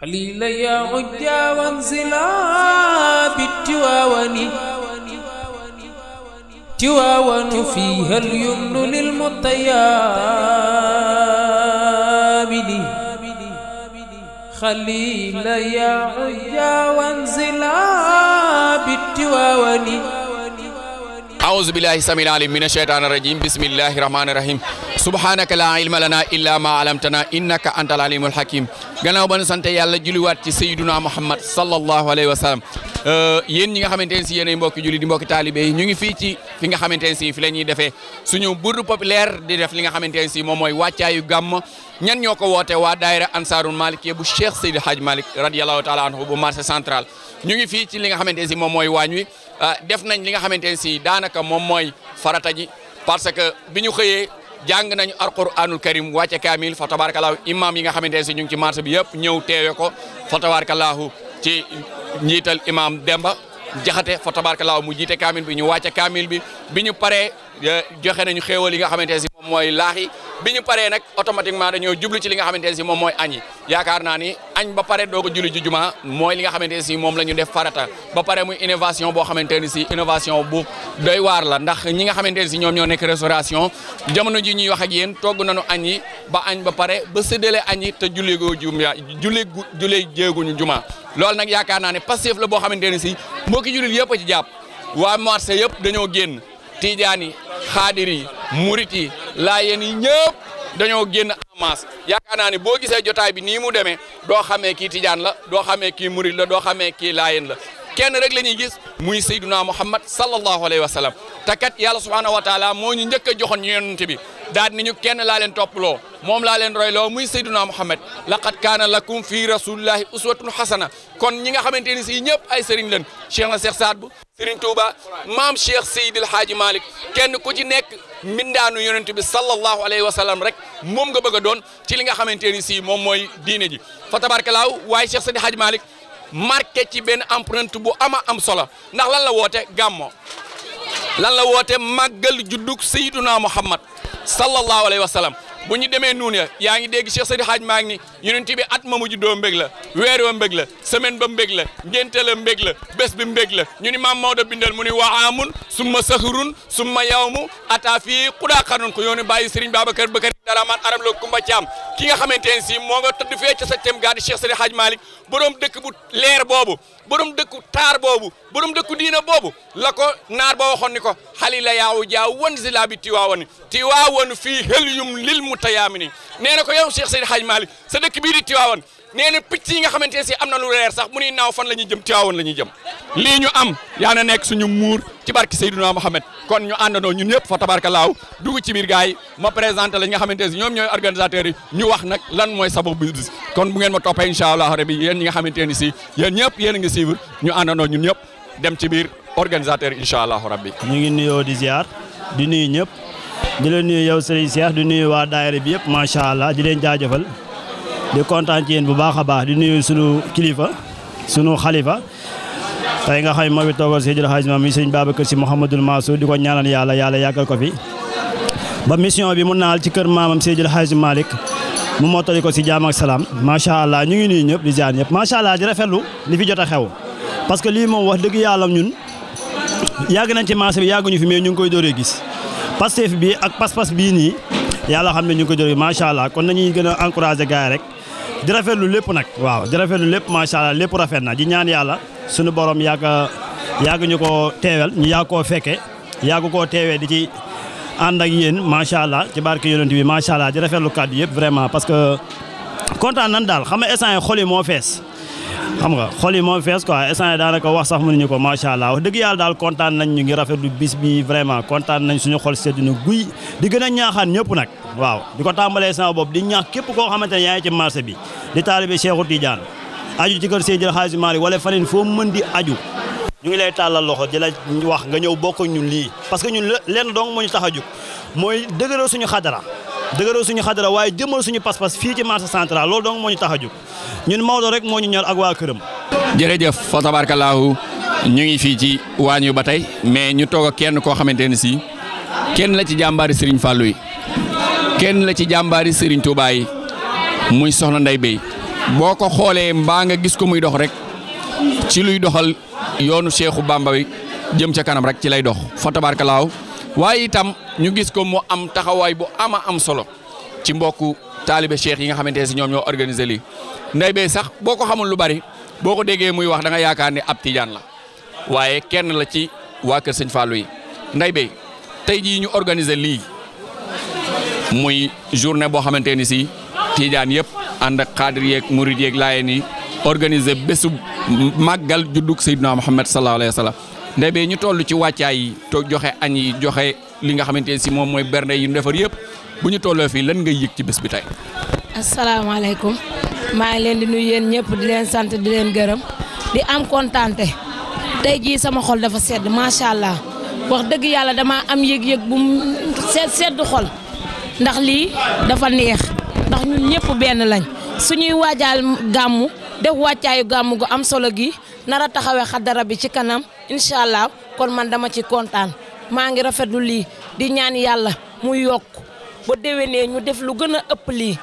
خليلي يا عجا وانزلا بالتواون تواون فيها اليمن للمطيابد خليل يا عجا وانزلا بالتواون أعوذ بالله السميع العليم من الشيطان الرجيم بسم الله الرحمن الرحيم subhaanaka laa ilma lanaa illaa maa alamtanaa innaka antal alimul hakim gannaaw ba nu sant yàlla julliwaat ci sayyiduna muhammad sallallahu alayhi wa sallam yéen ñi nga xamante ne si yéen julli di mbokki taalibe ñu ngi fii ci fi nga xamante ne fi la ñuy suñu burdu populaire di def li nga xamante ne si moom mooy wàccaayu gàmm ñan ñoo ko woote waa daayira ansaarul bu cheikh seydi haj malik radiallahu taala anhu bu marché central ñu ngi fii ci li nga xamante ne si moom mooy def nañ li nga xamante ne si daanaka moom farata ji parce que bi ñu jàng nañu alquranul karim wàcce kaamil fa tabarakallahu imam yi nga xamante ne si ñu ngi ci marché bi yëpp ñëw teewe ko fa tabarakallahu ci njiital imam Demba Jaxate fa tabarakallahu mu jiite kaamil bi ñu wàcce kaamil bi bi ñu pare joxe nañu xéewal yi nga xamante ne si moom mooy laax yi bi ñu paree nag automatiquement dañoo jublu ci li nga xamante ne si moom mooy añ yi yaakaar naa ni añ ba pare doo ko julli ji juma mooy li nga xamante ne si moom la ñu def farata ba pare muy innovation boo xamante ne si innovation bu doy waar la ndax ñi nga xamante ne si ñoom ñoo nekk restauration jamono ji ñuy wax ak yéen togg nañu añ yi ba añ ba pare ba séddale añ yi te julli goo juma julli julli jéeguñu juma loolu nag yaakaar naa ne passif la boo xamante ne si mbokki jullit yëpp a jàpp waa marché yëpp dañoo génn tiijaan xaadir yi murit yi laayeen yi ñëpp dañoo génn en masse naa ne boo gisee jotaay bi nii mu demee doo xamee kii tijaan la doo xamee kii murit la doo xamee kii laayeen la kenn rek la ñuy gis muy sayduna muhammad sallallahu alayhi wa sallam te kat yàlla subhaanahu moo ñu njëkk a joxoon ñu yonent bi daal ni ñu kenn laa leen toppaloo moom laa leen royloo muy sayduna muhammad laqad kaana lakum fi rasulillahi uswatun hasana kon ñi nga xamante ni si ñëpp ay sëriñ leen cheikh na cheikh saad bu sëriñ touba maam cheikh seydil haaji malik kenn ku ci nekk mindaanu yonent bi sallallahu alayhi wa sallam rek moom nga bëgg doon ci li nga xamante ni si moom mooy diine marqué ci benn empreinte bu ama am solo ndax lan la woote gàmmo lan la woote màggal juddug sayyiduna muhammad sallallahu alayhi wa sallam bu ñu demee nuun ya yaa ngi dégg Cheikh Seydi Hadj maa ngi ni yonent bi at ma mu juddoo mbég la weer wa mbég la ba mbég la ngénte la mbég la bés bi mbég la ñu ni maam Maodo bindal mu ni waamun summa sahrun summa yawmu ata fii xudaa xanun ko yoonu bàyyi Serigne Babacar Bakari daraman aram la Kumba ki nga xamante ne si moo nga tëdd fee ca sa tem gaa di Cheikh Seydi Hadj dëkk bu leer boobu borom dëkku taar boobu borom dëkku diina boobu la ko naar ba waxoon ni ko xali la yaaw jaaw wan si laa bi tiwaawan tiwaawan tayaamini nee na ko yow Cheikh Seydi Hadj Malick sa dëkk bii di Tiwaawan nee na picc yi nga xamante ne si am na lu leer sax mu nuy naaw fan la ñuy jëm Tiwaawan la ñuy jëm lii ñu am yaa na nekk suñu muur ci barki Seydina Mohamed kon ñu àndandoo ñu ñëpp fa tabarkalaaw dugg ci biir gars yi ma présenté la ñi nga xamante ne si ñoom ñooy organisateurs yi ñu wax nag lan mooy sababu bi kon bu ngeen ma toppee incha allah rabbi yéen ñi nga xamante ne si yéen ñëpp yéen a ngi ñu àndandoo ñun ñëpp dem ci biir organisateur incha allah rabbi ñu ngi nuyoo di ziar di nuyu ñëpp di len nuyu yow Serigne Cheikh di nuyu wa daayira bi yep ma sha allah di len jaajëfal di content ci yéen bu baakha a baax di nuyu sunu khalifa sunu khalifa tay nga xay ne moo fi toogal Seydil Hadji mi Serigne babakar si mohammedul Mansour diko ñaanal yàlla yàlla yàggal ko fi ba mission bi mu naal ci kër maamam Seydil Hadji malik mu mottali ko si jaam ak salaam macha allah ñu ngi nuyu ñep di ziar ma sha allah di rafetlu li fi jotta xew parce que li moom wax deug yàlla ñun yag nañ ci marché bi yàgguñu fi mais ñu ngi koy dooré gis Pastef bi ak pas-pas bii nii yàlla xam ne ñu ngi ko jël macha allah kon nañuy gën a encouragé yi rek di rafetlu lépp nag waaw di rafetlu lépp macha allah lépp rafet na di ñaan yàlla suñu borom yàgg yàgg ñu ko teewel ñu yàgg koo fekke yag koo teewee di ci ànd ak yéen macha allah ci barke yonent bi macha allah di rafetlu kàddu yëpp vraiment parce que kontaan nan daal xam nga instant xol moo fees. xam nga xol yi moo fees quoi instant daanaka wax sax mënuñu ko macha allah wax dëgg yàlla daal kontaan nañ ñu ngi rafet rafetlu bis bi vraiment kontaan nañ suñu xol sedd na guy di gën a ñaaxaan ñëpp nag waaw di ko tàmbalee sama bopp di ñaax képp koo xamante ne yaa ngi ci marché bi di taalibe Cheikhou Tidiane aju ci kër xaaj El Hadji Malick wala faneen foo mën di aju ñu ngi lay tàllal loxo di la wax nga ñëw bokk ñun lii parce que ñun lenn dong moo ñu tax a jóg mooy dëgëral suñu xadara dëgëral suñu xadara waaye jëmal suñu pas-pas fii ci marché central loolu donc moo ñu tax a jóg ñun Maodo rek moo ñu ñor ak waa këram. jërëjëf fa tabarkalaahu ñu ngi fii ci waañ ba tey mais ñu toog kenn koo xamante ne si kenn la ci jàmbaari Serigne Fallou yi kenn la ci jàmbaari Serigne Touba yi muy soxna Ndeye Beye boo ko xoolee mbaa nga gis ko muy dox rek ci luy doxal yoonu Cheikhou Bamba bi jëm ca kanam rek ci lay dox fa tabarkalaahu waaye itam ñu gis ko mu am taxawaay bu ama am solo ci mbokku taalibe cheikh yi nga xamante ne si ñoom ñoo organiser lii ndey bee sax boo ko xamul lu bari boo ko déggee muy wax danga yaakaar ni ab tijaan la waaye kenn la ci waa kër sëñ Fallou yi ndey bee tey jii ñu organiser lii muy journée boo xamante ni si tijaan yëpp ànd ak xaadir yeeg murid yeeg laayeen yi organiser bésu màggal juddug Seydina Muhammad sallallahu alayhi wa sallam ndebe ñu tollu ci wàccaay yi to joxe añ yi joxe li nga xamante ne si moom mooy bernde yi ñu defar yëpp bu ñu tolloo fii lan ngay yëg ci bés bi tey. asalaamaaleykum maa ngi leen di nuyu yéen ñëpp di leen sant di leen gërëm di am kontaante tey jii sama xol dafa sedd macha allah wax dëgg yàlla dama am yéeg yéeg bu sedd sedd xol ndax lii dafa neex ndax ñun ñëpp benn lañ suñuy waajal gàmmu. def wàccaayu gàmm gu am solo gi nar a taxawee xadara bi ci kanam incha allah kon man dama ci kontaan maa ngi rafetlu lii di ñaan yàlla mu yokk ba déwénee ñu def lu gën a ëpp lii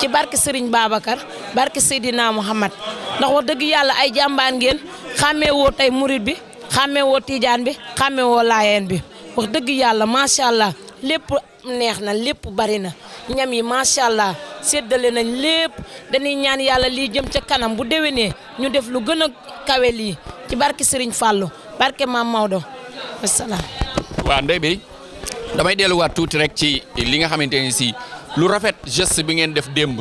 ci barke Serigne Babacar barke Seydina Muhammad ndax wa dëgg yàlla ay jàmbaar ngeen xàmmee woo tey murit bi xàmmee woo tiijaan bi xàmmee woo laayeen bi wax dëgg yàlla macha allah lépp neex na lépp bari na. ñam yi macha allah séddale nañ lépp dañuy ñaan yàlla lii jëm ca kanam bu déwénee ñu def lu gën a kawe lii ci barke Serigne Fallou barke Maam Maodo wasalaam. waa ndey bi damay delluwaat tuuti rek ci li nga xamante ne si lu rafet geste bi ngeen def démb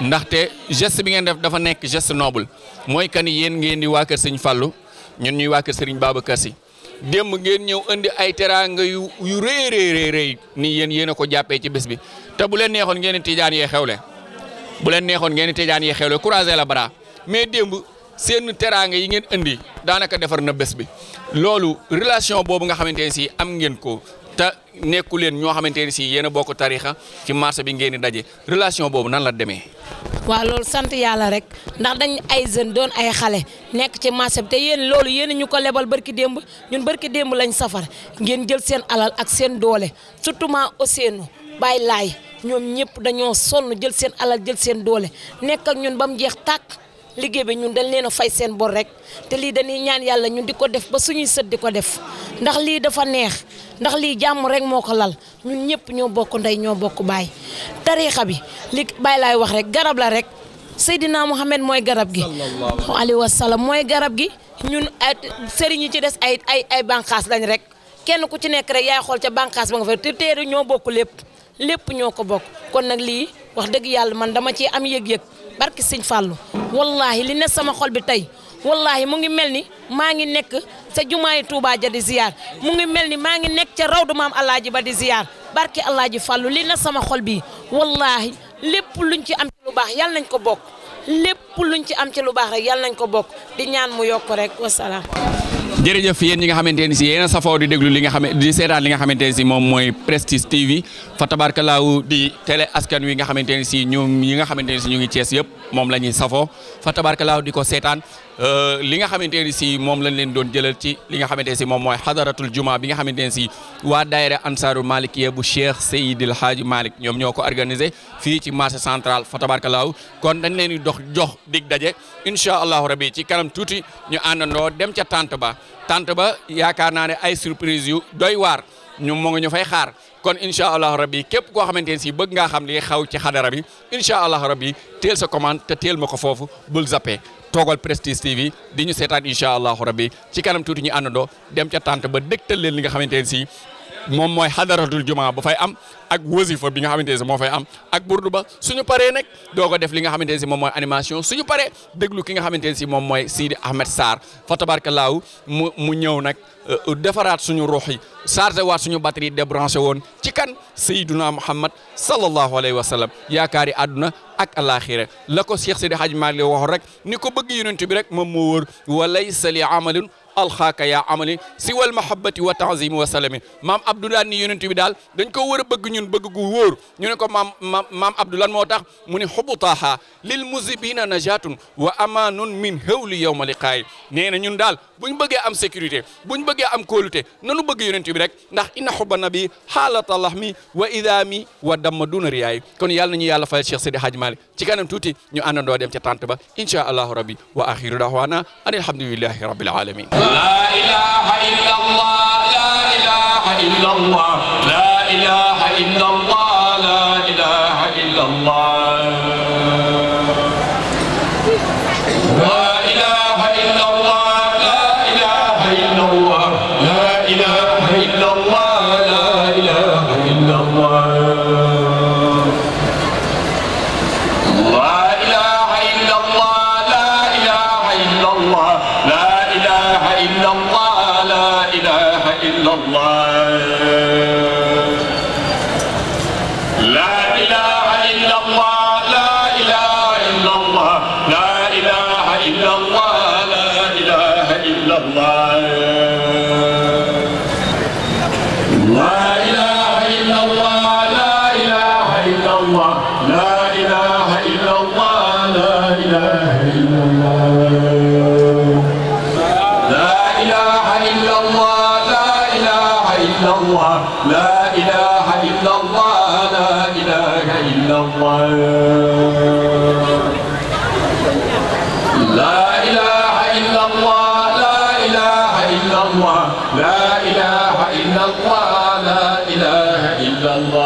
ndaxte geste bi ngeen def dafa nekk geste noble mooy kan yéen ngeen di waa kër fallu Fallou ñuy waa kër Serigne Babacar Sy démb ngeen ñëw indi ay teraanga yu yu rëy ni rëy nii yéen yéen a ko jàppee ci bés bi te bu leen neexoon ngeen di tijaan yee xewle bu leen neexoon ngeen di tijaan yee xewle croiser la bras mais démb seen teraanga yi ngeen indi daanaka defar na bés bi loolu relation boobu nga xamante ne si am ngeen ko te nekku leen ñoo xamante ne si yéen a bokk tariixa ci marché bi ngeen di daje relation boobu nan la demee. waa loolu sant yàlla rek ndax dañ ay jeunes doon ay xale nekk ci marché bi te yéen loolu yéen ñu ko lebal barki démb ñun barki démb lañ safar ngeen jël seen alal ak seen doole surtout ma Ousseynou Baye Laay ñoom ñëpp dañoo sonn jël seen alal jël seen doole nekk ak ñun ba mu jeex tàkk liggéey bi ñun dañ leen a fay seen bor rek te lii dañuy ñaan yàlla ñun di ko def ba suñuy sët di ko def ndax lii dafa neex ndax lii jàmm rek moo ko lal ñun ñëpp ñoo bokk ndey ñoo bokk baay tariixa bi li Baye Laay wax garab la rek Seydina Muhammad mooy garab gi alayhi wa mooy garab gi ñun sëriñ yi ci des ay ay ay bànqaas lañ rek kenn ku ci nekk rek yaay xool ca bànqaas ba nga fa te teeru ñoo bokk lépp lépp ñoo ko bokk kon nag lii wax dëgg yàlla man dama ci am yëg-yëg barki sëñ Fallou wallaahi li ne sama xol bi tey wallaahi mu ngi mel ni maa ngi nekk sa jumaa yi Touba ja di ziyaar mu ngi mel ni maa ngi nekk ca raw du maam Alaaji ba di ziyaar barki Alaaji fàllu li ne sama xol bi wallaahi lépp luñ ci am ci lu baax yàlla nañ ko bokk lépp luñ ci am ci lu baax rek yàlla nañ ko bokk di ñaan mu yokk rek wasalaam jërëjëf yéen ñi nga xamante ne si yéen safoo di déglu li nga xam di seetaan li nga xamante ne si moom mooy Prestige TV fa tabarkalaaw di télé askan wi nga xamante ne si ñoom ñi nga xamante ne si ñu ngi Cees yëpp moom la ñuy safoo fa tabarkalaaw di ko seetaan euh, li nga xamante ne si moom lañ leen doon jëlal ci li nga xamante ne si moom mooy xadaratul juma bi nga xamante ne si waa daayira ansaarul malikiya bu cheikh Seydil Haaji Malick ñoom ñoo ko organisé fii ci marché central fa tabarkalaaw kon dañ leen di dox jox dig daje incha allahu rabi ci kanam tuuti ñu àndandoo dem ca tante ba tante ba yaakaar naa ne ay surprise yu doy waar ñu mu ngi ñu fay xaar kon incha allah rabbi képp koo xamante ne si bëgg ngaa xam li xaw ci xadara bi incha allah rabbi teel sa commande te teel ma ko foofu bul zappé toogal Prestige TV di ñu seetaan incha allah rabbi ci kanam tuuti ñu do dem ca tànt ba dégtal leen li nga xamante ne si moom mooy xadaratul juma bu fay am ak wasifa bi nga xamante ne si moo fay am ak burdu ba suñu paree nag doo ko def li nga xamante ne si moom mooy animation suñu paree déglu ki nga xamante ne si moom mooy Sidi Ahmed Sarr fa tabarkalaahu mu mu ñëw nag euh, defaraat suñu ruux yi chargé waat suñu batterie débranché woon ci kan Seydina Muhammad sallallahu alayhi wa sallam yaakaari àdduna ak alaxira la ko Cheikh Sidi Hadj Malick waxoon rek ni ko bëgg yonent bi rek moom moo wër wa laysa li amalin alxaaka yaa amali si wal mahabbati wa taazimi wa salami maam Abdou daan ni yonent bi daal dañ ko war a bëgg ñun bëgg gu wóor ñu ne ko maam maam Abdou lan moo tax mu ni xubu taaha lil muzibina najatun wa amanun min hawli yawma liqaay nee na ñun daal buñ bëggee am sécurité buñ bëggee am kóolute nanu bëgg yonent bi rek ndax inna xubba nabi xaalata lahmi wa idaami wa damma duna riyaay kon yàlla nañu yàlla fayal Cheikh Seydi Hadj Malick ci kanam tuuti ñu àndandoo dem ca tànt ba incha allahu rabbi wa axiru dahwaana an alhamdulillahi rabbil alamin الله الله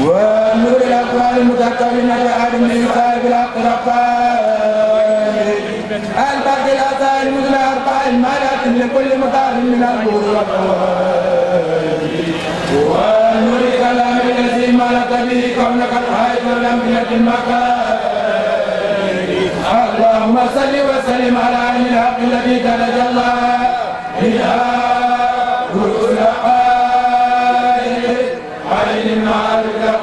ونور الأقوال المتكلمة آدم الإنسان بالحق رباه البرد الأزال المدن أربع المالات لكل مطار من القول ونور الكلام الذي مالت به كونك الحائط لم يكن المكان اللهم صل وسلم على عين الحق الذي تجلى الله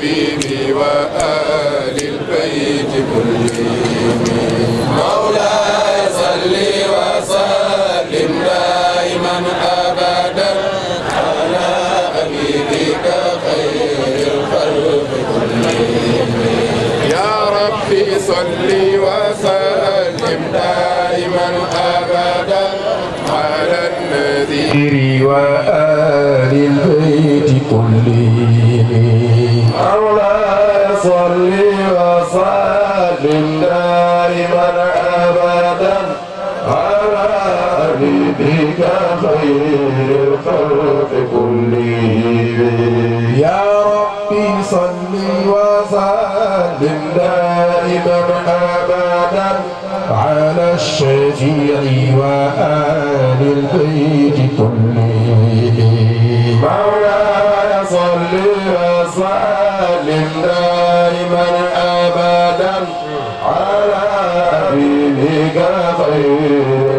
حبيبي وآل البيت كلهم مولاي صلي وسلم دائما أبدا على حبيبك خير الخلق كلهم يا ربي صلي وسلم دائما أبدا المدير وآل البيت كلهم مولاي صل وسلم دائما أبدا على حبيبك خير الخلق كلهم يا ربي صل وسلم دائما أبدا على الشفيع وآل البيت كلهم مولاي صل وسلم دائما أبدا على أبيك خير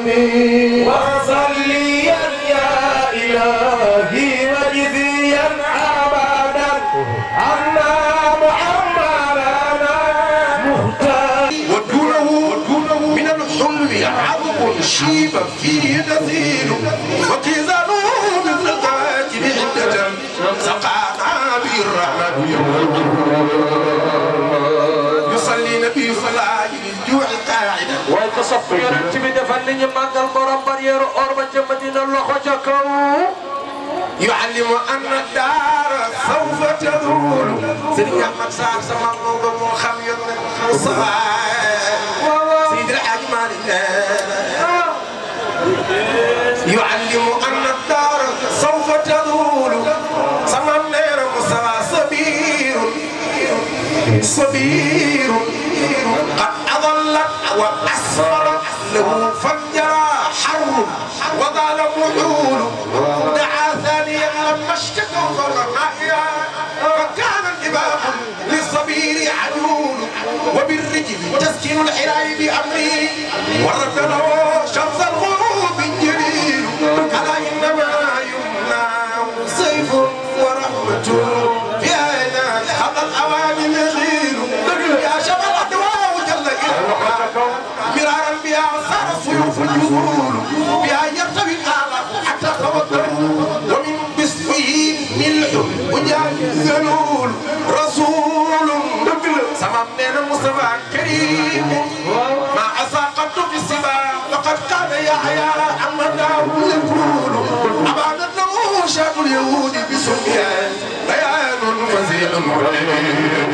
وسلم يا إلهي مجزيا أبدا عنا محمدنا مختار ودونه ودونه من الحلم عظم شيب فيه نذير وكيزانه مثل الكاتب عدة سقط عابر الرحمن يصلي نبي صلاة الجوع mu sopp yonent bi defal li ñu màggal borom barrière or ba ca Madina loxo ca kaw يعلم أن الدار سوف تدور سيدي أحمد صار سمع موضوع مخم يمن مصطفى سيد الحاج مالنا يعلم أن الدار سوف تدور سمع نير مصطفى صبير صبير وأسمر له فانجرى حر وقال محول دعا ثانيا لما اشتكوا فرقائها فكان الإباح للصبير عجول وبالرجل تسكن الحراء بأمره ورد له شمس الغروب الجليل ألا إنما يمنع سيف ورحمة وجازلول رسول ربنا سمام نينا مصطفى كريم ما عسى قد في السبا لقد كان يحيى عما داو يقول أبعدت له شاب اليهود بسفيان بيان فزيع رهيب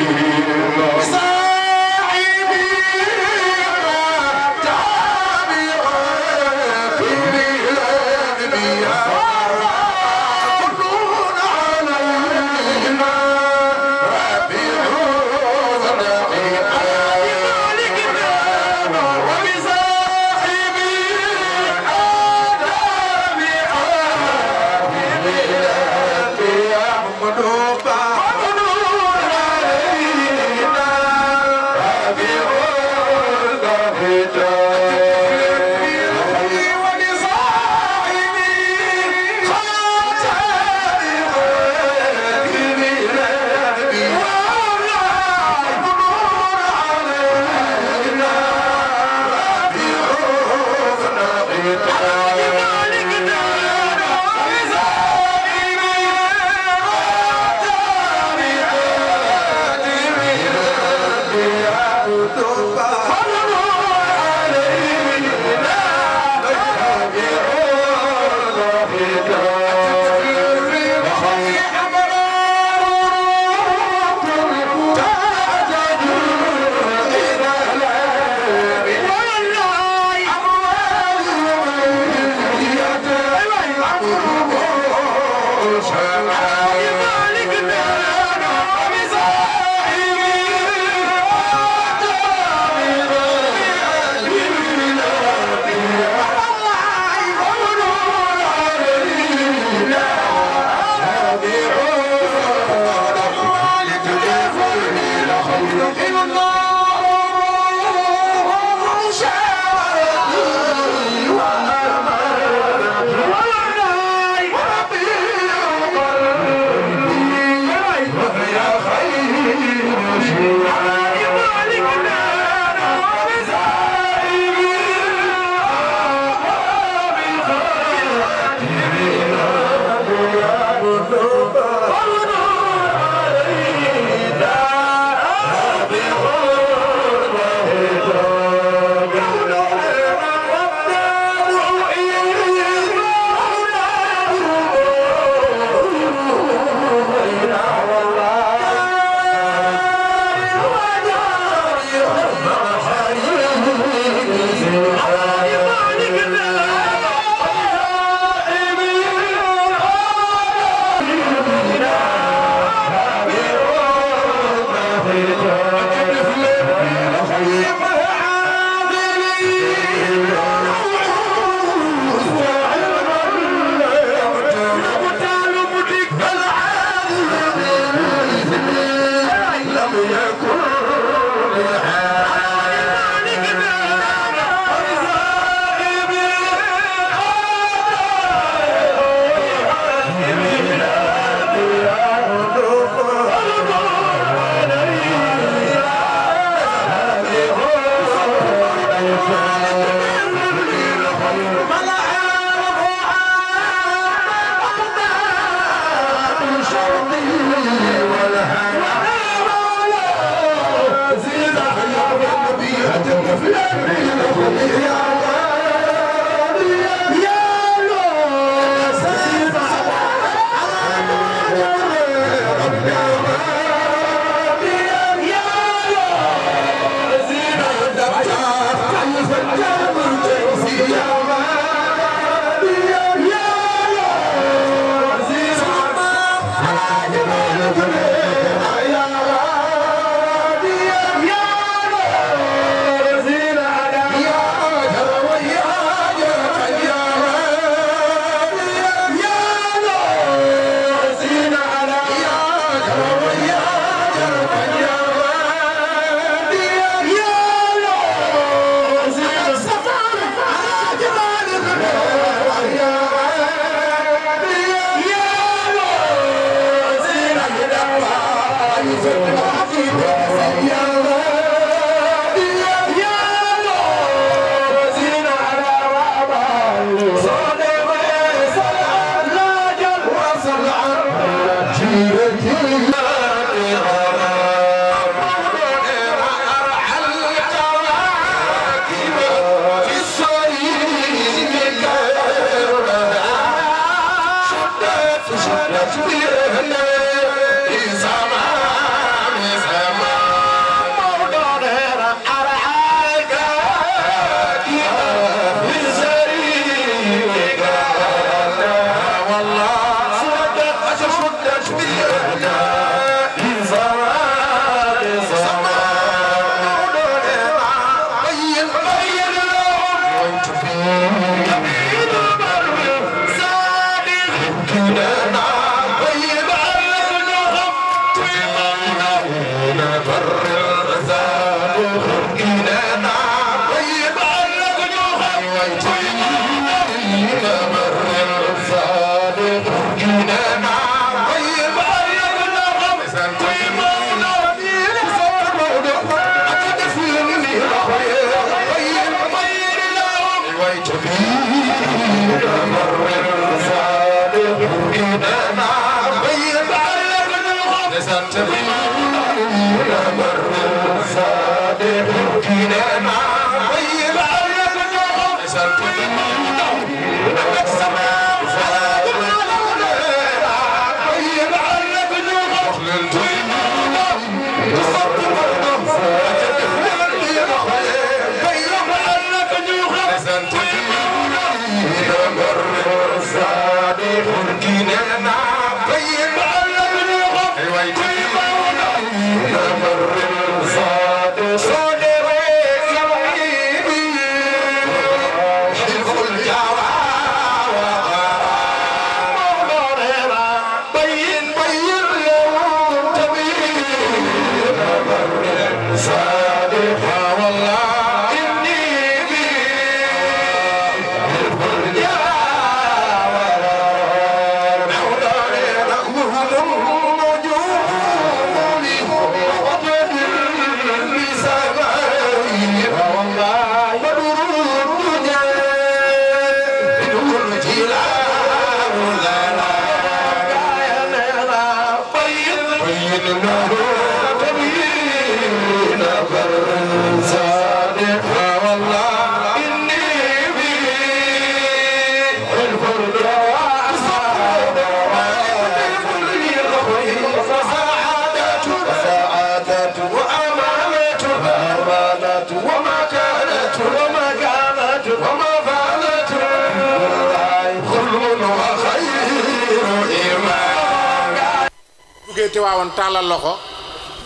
tàllal loxo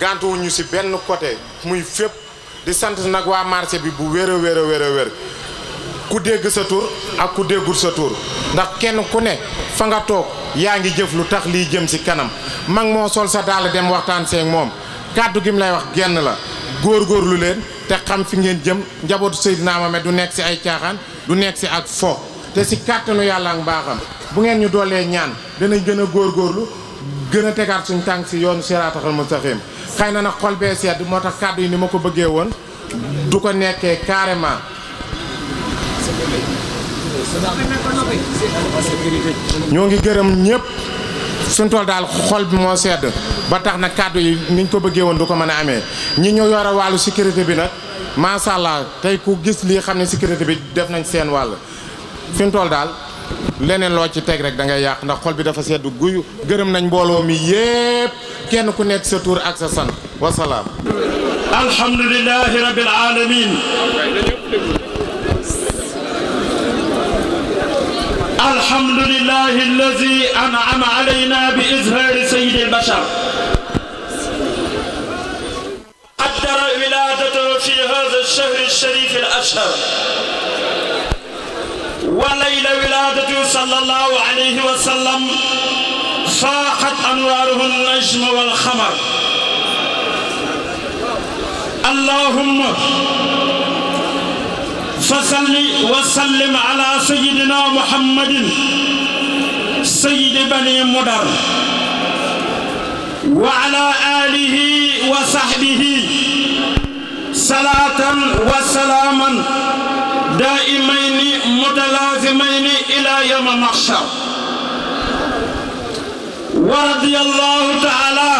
gàntuwuñu si benn côté muy fépp di sant nag waa marché bi bu wér a wér a wér a wér ku dégg sa tur ak ku déggul sa tur ndax kenn ku ne fa nga toog yaa ngi jëf lu tax liy jëm si kanam mag moo sol sa daal dem waxtaan seeg moom kàddu gi lay wax genn la góorgóorlu leen te xam fi ngeen jëm njabootu Seydina du nekk si ay caaxaan du nekk si ak fo te si kàttanu yàlla ak mbaaxam bu ngeen ñu doolee ñaan danañ gën a góorgóorlu gën a tegaat suñ tànk si yoonu siraatal mustaqiim xay na na xol bee sedd moo tax kàddu yi ni ma ko bëggee woon du ko nekkee carrément. ñoo ngi gërëm ñëpp suñ tool daal xol bi moo sedd ba tax na kàddu yi niñ ko bëggee woon du ko mën a amee ñi ñu yore wàllu sécurité bi nag macha allah tey ku gis lii xam ne sécurité bi def nañ seen wàll fi daal. leneen lo ci teg rek da ngay yàq ndax xol bi dafa seddu guyu gërëm nañ mbolo mi yépp kenn ku nekk sa tour ak sa san wa wasalaam alhamdulilahi rabbil alamin الحمد لله الذي أنعم علينا izhari سيد البشر قدر ولادته في هذا الشهر الشريف الأشهر وليل ولادته صلى الله عليه وسلم صاحت أنواره النجم والخمر اللهم فصل وسلم على سيدنا محمد سيد بني مدر وعلى آله وصحبه صلاة وسلاما دائمين متلازمين إلى يوم المحشر ورضي الله تعالى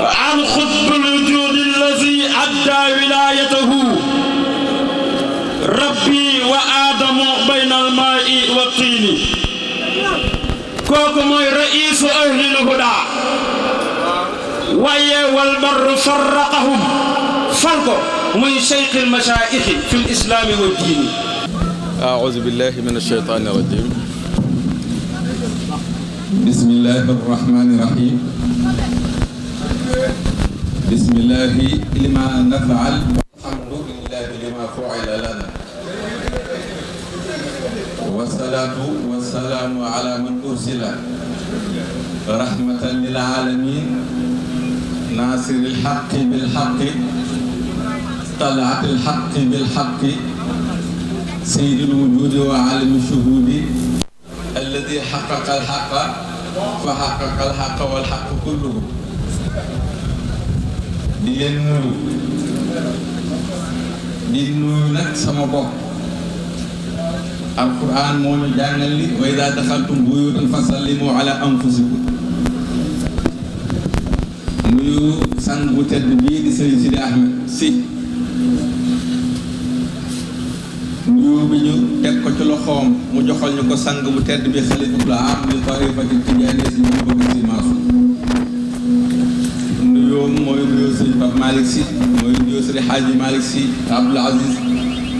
عن خطب الوجود الذي أدى ولايته ربي وآدم بين الماء والطين موي رئيس أهل الهدى ويا والبر فرقهم fonko من شيخ المشايخ في الاسلام والدين أعوذ بالله من الشيطان الرجيم بسم الله الرحمن الرحيم بسم الله لما نفعل والحمد لله لما فعل لنا والصلاة والسلام على من أرسل رحمة للعالمين ناصر الحق بالحق طلعة الحق بالحق سيد الوجود وعالم الشهود الذي حقق الحق فحقق الحق والحق كله لينو لينو نك سما بوك القران مو جانل لي واذا دخلتم بيوتا فسلموا على انفسكم نيو سان بوتيت بي دي سيدي احمد سي nguur bi ñu teg ko ci loxoom mu joxal ñu ko sang mu tedd bi xalifatul am li tarifati tijaani si ñu bëgg si maasu nuyoom mooy nuyoo sëñ Xaaji Malick si Abdoul Aziz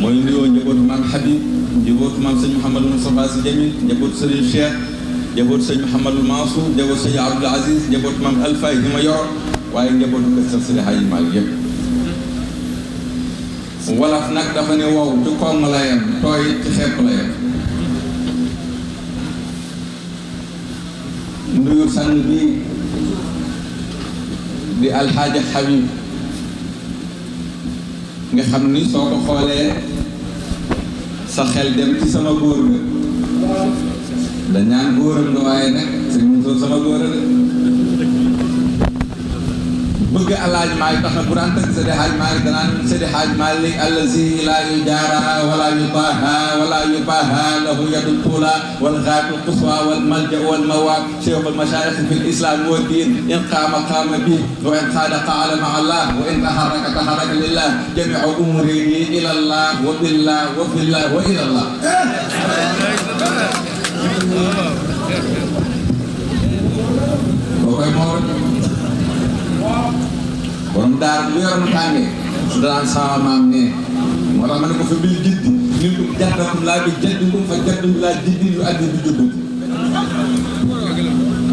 mooy nuyoo njabootu maam Habib njabootu maam sëñ Mouhamadou si Jamil njabootu sëriñ Cheikh njabootu sëñ Mouhamadou Mansour njabootu sëñ Abdoul Aziz njabootu waaye njabootu kër sëñ Xaaji Malick yëpp wolof nag dafa ne wow ci koŋ la yem tooy ci xepp la yem nuyu sang bi di alxaaji nga xam ni soo ko xoolee sa xel dem ci sama góor ga dañaan góoram nga waaye nag sëñ Mansour sama góor la bëgg alaaji Maalik tax na bu daan tëgg Seydi Haaji Maalik danaan Seydi Haaji Maalik allazi laa yujaara wala yutaaha wala yubaaha lahu yadul tuula wal xaatul quswa wal malja wal mawaab cheikhul mashaayikh fil islam wa diin in qaama qaama bi wa in qaada qaala ma allah wa in taharraka taharraka lillah jamiu umrihi ila allah wa billah wa fillah wa ila allah Okay, Mark. kon daar lu yor su daan sama maam ne moo tax ma ne ko fa bil jiddi nit ku jàttam laa bi jaddikum fa jaddikum laa jiddi lu addi du juddu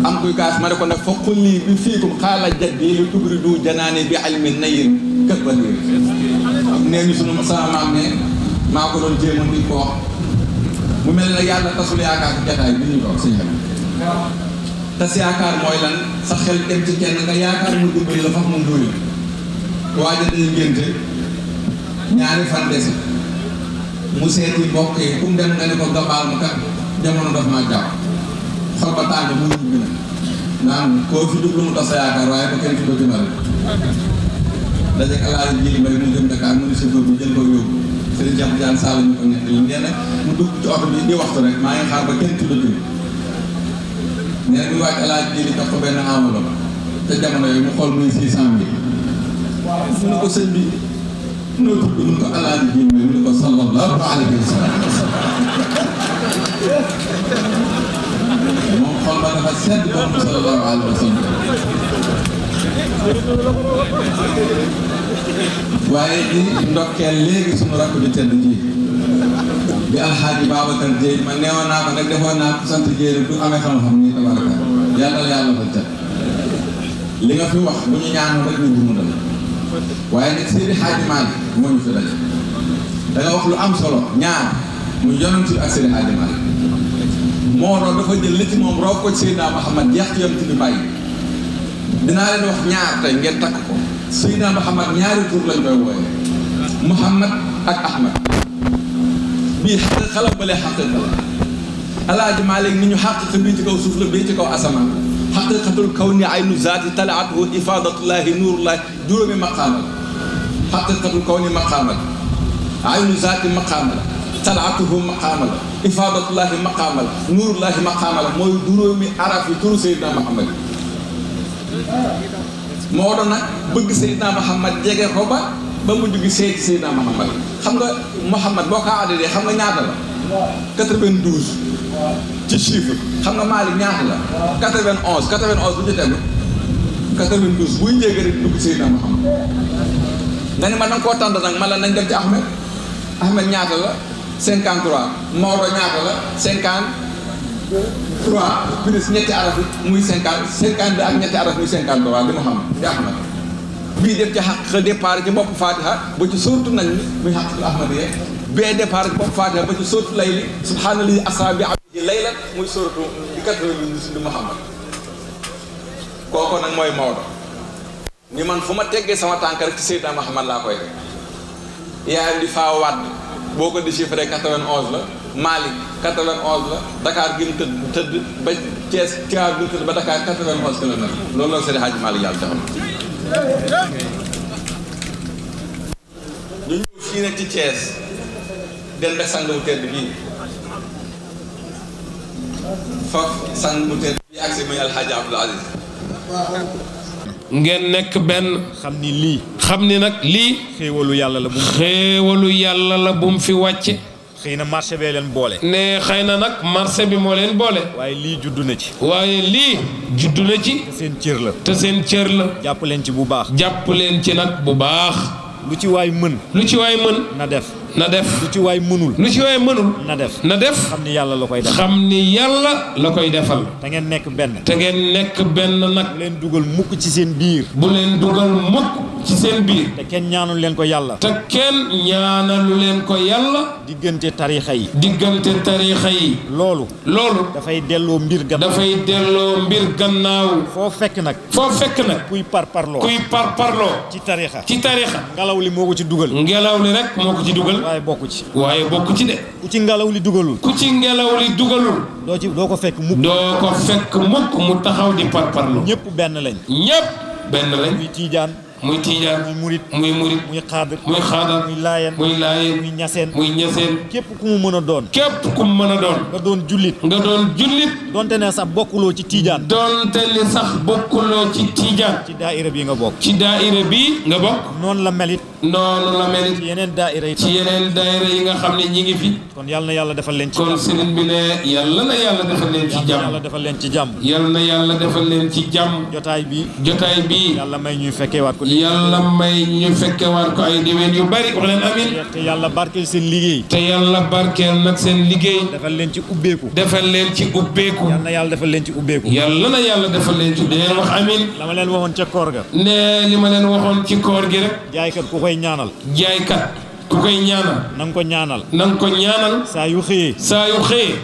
am kuy kaas ma ne ko nag fa xul nii bi fiikum xaala jaddi lu tubri du bi almi nayir kër doon jéema di ko wax mu mel na yàlla tasul yaakaar ci bi ñu toog si xel tas yaakaar mooy lan sa xel dem ci kenn nga yaakaar mu dimbali la fax moom dóoyu waa dañu ngénte ñaari fan desi mu seeti mbokk yi kum dem nga ne ko gabaal mu kat jamono daf maa jàpp xol ba tàng mu ñibbi na naan koo fi jublu mu tas sa yaakaar waaye ko kenn fi ko jëmal dajeeg alaal jëli bi jël ko yóbbu sëriñ Cheikh Tidiane Sall ñu ko nekk li nee na mu dugg ci bi di waxtu rek maa ngi xaar ba kenn tudd jëm nee na ñu wàcc alaal jëli tax ko benn enveloppe te jamono yooyu mu xool muy six cent mu ne ko sëñ bi noo tudd mu waaye di ndokkeel léegi suñu rakk bi tedd ji bi alxaaji Babacar Jéy ma neewoon naa ko nag defoon naa ko sant Jéy du amee xam-xam ni tabaraka yàlla yàlla fa tedd li nga fi wax bu ñu ñaanoo rek ñu dundal waaye nag Seydi Hadji Malick ñu fi daje da wax lu am solo ñaar mu yonent ak Seydi Hadji moo doon dafa jël li ci moom roof ko ci Seydina Muhammad jeex ci yonent bi bàyyi dinaa leen wax ñaar tey ngeen takk ko Seydina Muhammad ñaari tur lañ koy wooyee Muhammad ak Ahmad bii xaqiqa la bële xaqiqa la Alaaji Malick ni ñu xaqiqa bii ci kaw suuf la bii ci kaw asamaan xaqiqatul kawni aynu zaati talaatu ifaadatullahi nuurullahi juróomi maqaama la xaqiqatul kawni maqaama la aynu zaati maqaama la talaatuhu maqaama la ifaadatullahi maqaama la nuurullahi maqaama la mooy juróomi araf yi turu Seydina Muhammad moo doon nag bëgg Seydina Muhammad jege ko ba ba mu juggi seeti Seydina Muhammad xam nga Muhammad boo ko aadalee xam nga ñaata la 92 ci chiffre xam nga Malick ñaata la 91 91 bu ñu tegu 92 buy njëkk rek dugg Seydina Muhammad nga ne ma danga koo tànd nag ma la nañ dem ci Ahmed Ahmed ñaata la 53 Maodo ñaata la 53 plus ñetti araf muy 50 52 ak ñetti araf muy 53 li ma xam di Ahmed bii def ci xaq départ ci bopp Fatiha ba ci surtout nañ muy xaq Ahmed yee bee départ ci bopp Fatiha ba ci surtout lay li subhaanallah asra bi laylan muy sóoratu di quatre vingt di Muhammad kooku nag mooy Maodo ni man fu ma teggee sama tànk rek ci Seydina Muhammad laa koy rek yaayam di faa waat boo ko déchiffré quatre-vingt-onze la Malick quatre vingt la Dakar gi mu tëdd tëdd ba Thiès Thiaw gi mu tëdd ba Dakar quatre-vingt-onze kilomètres loolu la Seydi Hadji Malick yàlla taxaw ñu ñëw fii nag ci Thiès den rek sangawu tedd bii faf ngeen nekk benn. xam ni lii. xam ni nag lii. xéewalu yàlla la bu yàlla la bu fi wàcce. xëy na marché bee leen boole. ne xëy na nag marché bi moo leen boole. waaye lii juddu na ci. waaye lii juddu na ci. te seen cër la. te seen cër la. jàpp leen ci bu baax. jàpp leen ci nag bu baax. lu ci waay mën. lu ci waay mën. na def. na def lu ci waay mënul lu ci waay mënul na def na def xam ni yàlla la koy defal xam ni yàlla la koy defal te ngeen nekk benn te ngeen nekk benn nag leen dugal mukk ci seen biir bu leen dugal mukk ci seen biir. te kenn ñaanu leen ko yàlla. te kenn ñaanalu leen ko yàlla. diggante tariixa yi. diggante tariixa yi. loolu. loolu. dafay delloo mbir gannaaw. dafay delloo mbir gannaaw. foo fekk nag. foo fekk nag. kuy parparloo. kuy parparloo. ci tariixa. ci tariixa. ngelaw li moo ko ci dugal. ngelaw li rek moo ko ci dugal. waaye bokku ci. waaye bokk ci de. ku ci ngelaw li dugalul. ku ci ngelaw li dugalul. doo ci doo ko fekk mukk. doo ko mu taxaw di parparloo. ñëpp benn lañ. ñëpp benn lañ. muy tiijaan muy murit muy murit muy xaadar muy xaadar muy laayeen muy laayeen muy ñaseen muy ñaseen képp ku mu mën a doon képp ku mu mën a doon nga doon jullit nga doon jullit donte ne sax bokkuloo ci tiijaan donte li sax bokkuloo ci tiijaan ci daa daaira bi nga bokk ci daaira bi nga bokk noonu la melit noonu la mel ci yeneen daayira yi ci yeneen daayira yi nga xam ne ñi ngi fi kon yàlla na yàlla defal leen ci kon sëriñ bi ne yàlla na yàlla defal leen ci jàmm yàlla defal leen ci jàmm yàlla na yàlla defal leen ci jàmm jotaay bi jotaay bi yàlla may ñuy fekkewaat ko yàlla may ñu fekkewaat ko ay déwén yu bari wax leen amin te yàlla barkeel seen liggéey te yàlla barkeel nag seen liggéey defal leen ci ubbeeku defal leen ci ubbeeku yàlla na yàlla defal leen ci ubbeeku yàlla na yàlla defal leen ci dee wax amin la ma leen waxoon ca koor ga ne li ma leen waxoon ci koor gi rek jaaykat ku ko koy ñaanal. jaaykat ku koy ñaanal. ko ñaanal. na nga ko ñaanal. saa yu xëyee. saa yu xëyee.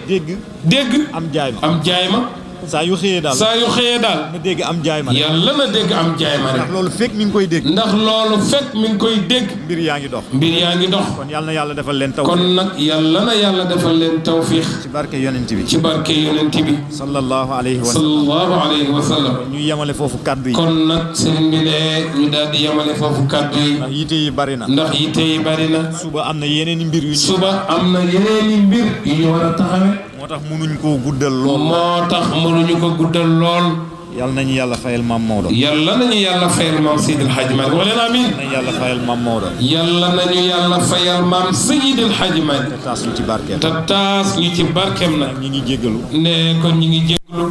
dégg. am jaay am jaay ma. saa yu xëyee daal saa yu xëyee daal. ma dégg am jaay ma rek yàlla ma dégg am jaay ma rek. ndax loolu fekk mi ngi koy dégg. ndax loolu fekk mi ngi koy dégg. mbir yaa ngi dox. mbir yaa ngi dox. kon yàlla na yàlla defal leen taw. kon nag yàlla na yàlla defal leen tawfiix. ci barke yonent bi. ci barke yonent bi. sallallahu alayhi wa sallam sallallahu alayhi wa sallam. ñu yemale foofu kaddu yi. kon nag sëriñ bi ne ñu daal di yemale foofu kaddu yi. ndax yite yi bari na. ndax yite yi bari na. suba am na yeneen mbir yu ñu. suba am na yeneen mbir yu ñu war a taxawee motax munuñ ko guddal lool motax munuñ ko guddal lool yalla nañu yalla fayal mam Maodo yalla nañu yalla fayal mam sayyidul Hadj Malick wala amin yalla fayal mam Maodo yalla nañu yalla fayal mam sayyidul Hadj Malick te ñu ci barkem te ñu ci barkem nag ñi ngi jéggelu né kon ñi ngi jéggelu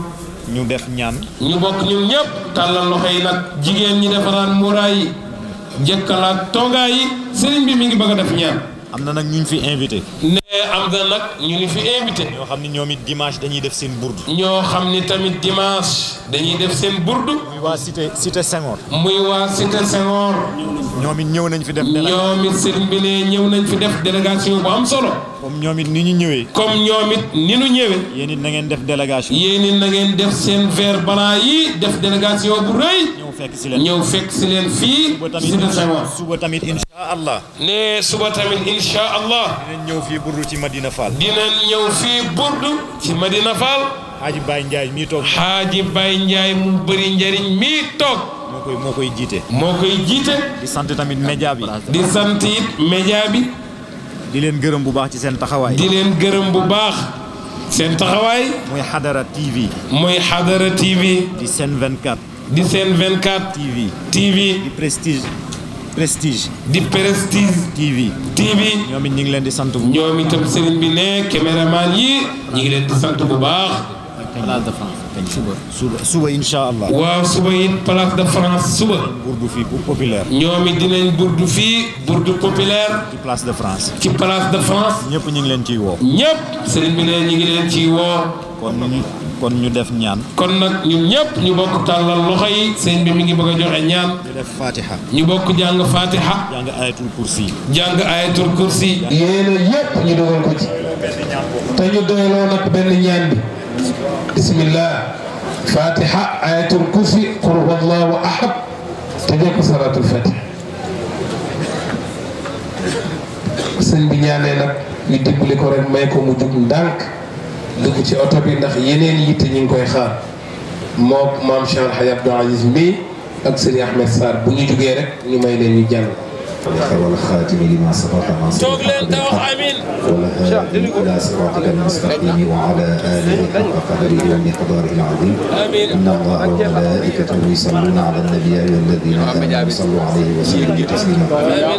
ñu def ñaan ñu bok ñun ñepp talal loxey nak jigen ñi defaran muray yi toga yi serigne bi mi ngi bëgg def ñaan amna nak ñu fi invité Eh, am nga nag ñu ni fi invité. ñoo xam ni ñoom it dimanche dañuy def seen burdu. ñoo xam ni tamit dimanche dañuy def seen burdu. muy waa cité cité Senghor. muy waa cité Senghor. ñoom it ñëw nañ fi def. ñoom it sëriñ bi ne ñëw nañ fi def délégation bu am solo. comme ñoom it ni ñu ñëwee. comme ñoom it ni ñu ñëwee. yéen it na ngeen def délégation. yéen it na ngeen def seen verre blanc yi def délégation bu rëy. fekk si leen ñëw fekk si leen fii. suba tamit suba tamit incha allah. nee suba tamit incha allah. dinañ ñëw fii burdu ñëw ci Madina Fall. dinañ ñëw fii burdu ci Madina Fall. Haji Baye Ndiaye mii toog. Haji Baye Ndiaye mu bëri njëriñ mii toog. moo koy jiite. moo koy jiite. di sant tamit média bi. di sant it média bi. di leen gërëm bu baax ci seen taxawaay. di leen gërëm bu baax. seen taxawaay. muy Hadara TV. muy Hadara TV. di seen 24. di seen 24. TV. TV di prestige. prestige di prestige tv tv ñoomi leen di sant bu bi de France suba suba Insha allah. waaw suba it place de France suba. burdu populaire. ñoomi dinañ burdu populaire. place de France. ci place de France. ñëpp leen ciy woo. ñëpp kon ñu def ñaan. kon nag ñun ñëpp ñu bokk tàllal loxo yi sëñ bi mi ngi bëgg a joxe ñaan. ñu def fatiha. ñu bokk jàng fatiha. jàng ayatul kursi. jàng ayatul ñu dogal ko ci. te ñu doyloo nag benn ñaan bi. bismillah. fatiha ayatul kursi. qul huwallahu ahad. te jekk salatul fatiha. sëñ bi ñaanee nag ñu dimbali ko rek may ko mu jug ndànk. dugg ci oto bi ndax yeneen yitte ñu ngi koy xaar moo maam Cheikh Alhaji Abdou Aziz mi ak Serigne Ahmed Sarr bu ñu jugee rek ñu may leen ñu jàng ولا خاتم لما سبق ما سبق ولا إلى صراطك المستقيم وعلى آله حق قدره ومقداره العظيم أمين إن الله وملائكته يصلون على النبي والذين آمنوا صلوا عليه وسلموا تسليما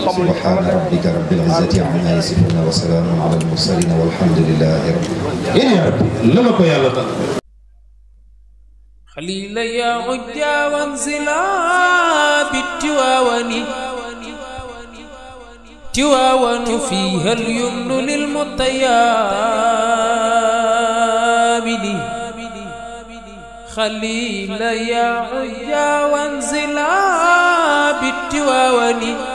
سبحان ربك رب العزة عما يصفون وسلام على المرسلين والحمد لله رب العالمين إيه خليل يا عجا وانزلا بالتواوني تواون فيها اليمن للمطيابد خليل يا عيا وانزلا بالتواون